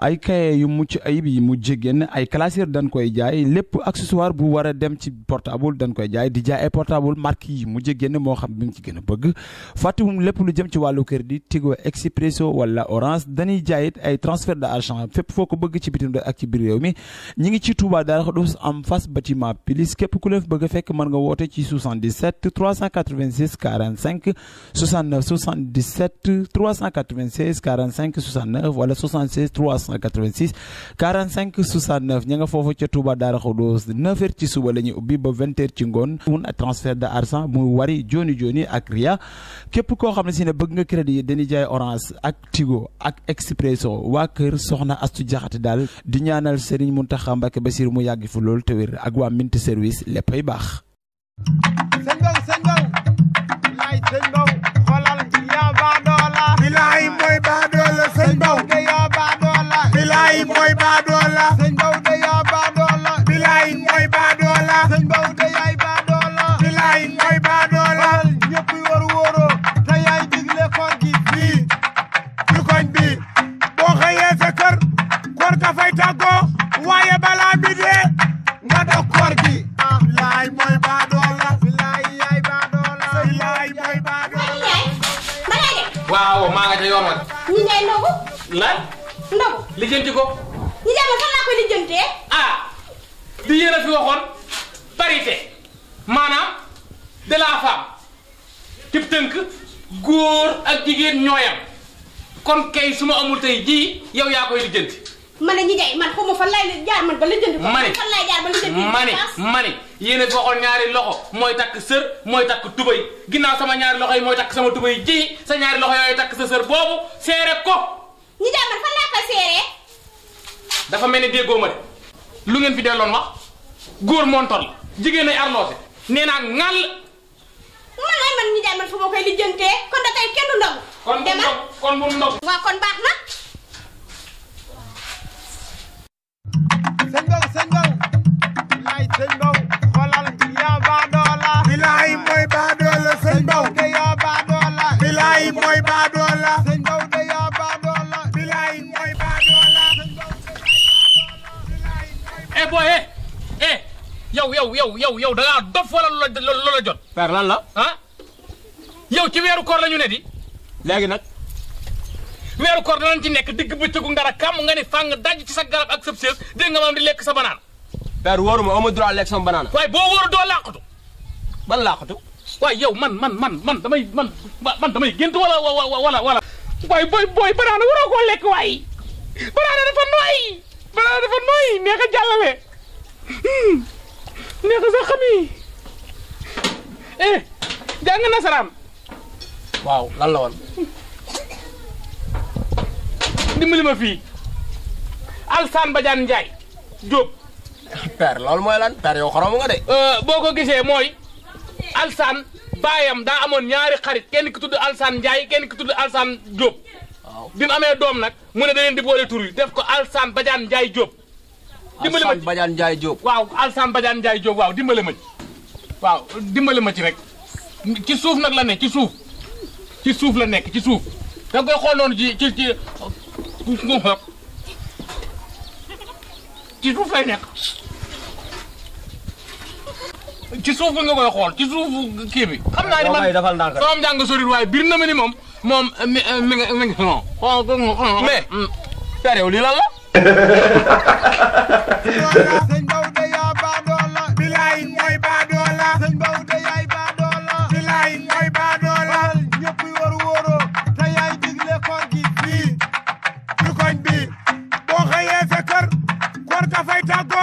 ay cahier yu mucc ayib yi mujj génn ay classeur dañ koy jaay lépp accessoire bu war dem ci portable dañ koy jaay di jaay ay portable marque yi mujj génn moo xam bi mu ci gën a bëgg fàttali lépp lu jëm ci wàllu crédit Tigo Expresso wala Orange dañuy jaayit ay transfert d'argent fépp foo ko bëgg ci bitim ak ci biir réew mi ñi ngi ci Touba Darou Khoudoss am képp ku la bëgg a fekk mën nga woote ci 77 386 45 69 77 396 45 69 wala 76 386 45 69 ña nga foofu ca Touba Daara Khoudous 9h ci suba la ñuy ubbi ba 20h ci ngoon un transfert de argent muy wari joni joni ak ria képp koo xam ne si ne bëgg nga crédit yi dañuy jaay orange ak tigo ak expresso waa kër soxna astu jaxate daal di ñaanal Serigne Mountakha Mbacké Bassir mu yàgg fi lool te wér ak waa mint service léppay baax baadoola sëñ Daouda yaa baadoola bilaay mooy baadoola sëñ Daouda yaay baadoola bilaay mooy baadoola ñëpp war wóoroo te yaay digle koor gi fii ci koñ bi boo xëyee sa kër koor ka fay tàggoo waaye balaa bi dee nga dog koor gi bilaay mooy baadoola bilaay yaay baadoola bilaay mooy baadoola waaw maa nga ca yoon wa ñu ngay ndogu lan ndogu lijjanti ko ñu dem fan laa koy lijjantee. ah di yéen fi waxoon parité maanaam de la femme tib tënk góor ak jigéen ñooyam kon kay su ma amul tey jii yaw yaa koy lijjanti. ma ne ñu jaay man xaw ma fan laay jaar man ba lijjanti. ma ne fan ma ne ma fi waxoon ñaari loxo mooy takk sër mooy takk tubay ginnaaw sama ñaari loxo yi mooy takk sama tubay ji sa ñaari loxo yooyu takk sa sër boobu seere ko. ñu jaay man fan laa koy seeree. dafa mel ni déggoo ma de lu ngeen fi delloon wax góor montor la jigéen ay arloose nee naa ŋàll. man ay man ñu jaay man fu ma koy lijjantee kon da kenn du kon bu ndogu kon kon baax na. booy eh eh yow yow yow yow yow da ngaa dof wala loola jot. père lan la. ah yow ci weeru koor la ñu ne di. léegi nag. weeru koor danañ ci nekk digg bëccëgu ngara kàmm nga ni fàng daj ci sa garab ak sa sées dégg nga maam di lekk sa banaan. père wóoruma amu droit lekk sama banaan. waaye boo wóoru doo làqatu. ban làqatu. waaye yow man man man man damay man man gént wala wala wala. waaye booy booy banaana waroo koo lekk waaye banaana dafa nooy. balaa dafa nooy neex a jàllale hmm, neex a sax xam yi eh jàng nasaraam waaw lan la woon dimbali ma fii Alsaan Badiane Ndiaye Diop père loolu mooy lan père yow xoromu nga de euh, boo ko gisee mooy Alsaan yam daa amoon ñaari xarit kenn ku tudd Alsaan Ndiaye kenn ki tudd Alsaan Diop bi mu amee doom nag mu ne da leen di boole tur yi def ko Alsaan Badiane Ndiaye Diop. jóob di ci Alsaan njaay Ndiaye Diop. waaw Alsaan Badiane Ndiaye Diop waaw dimbale ma ci. waaw dimbale ma ci rek ci suuf nag la ne ci suuf ci suuf la nekk ci suuf da nga koy xool ci ci ci ci suuf lay nekk. ci suuf nga koy xool ci suuf kii bi. xam naa ni man dafal ndànk sama njàng sori waaye biir na ma ni moom moom eh, mi eh, mi nga mi nga non. mais. Mm. père yow lii lan la. sëñ Bawde yaa baadoola. bilaay mooy baadoola. sëñ Bawde yaay baadoola. bilaay mooy baadoola. ñëpp war wóoroo. te yaay digle koor gi fii. ci koñ bi. boo xëyee sa kër. koor ka fay tàggoo.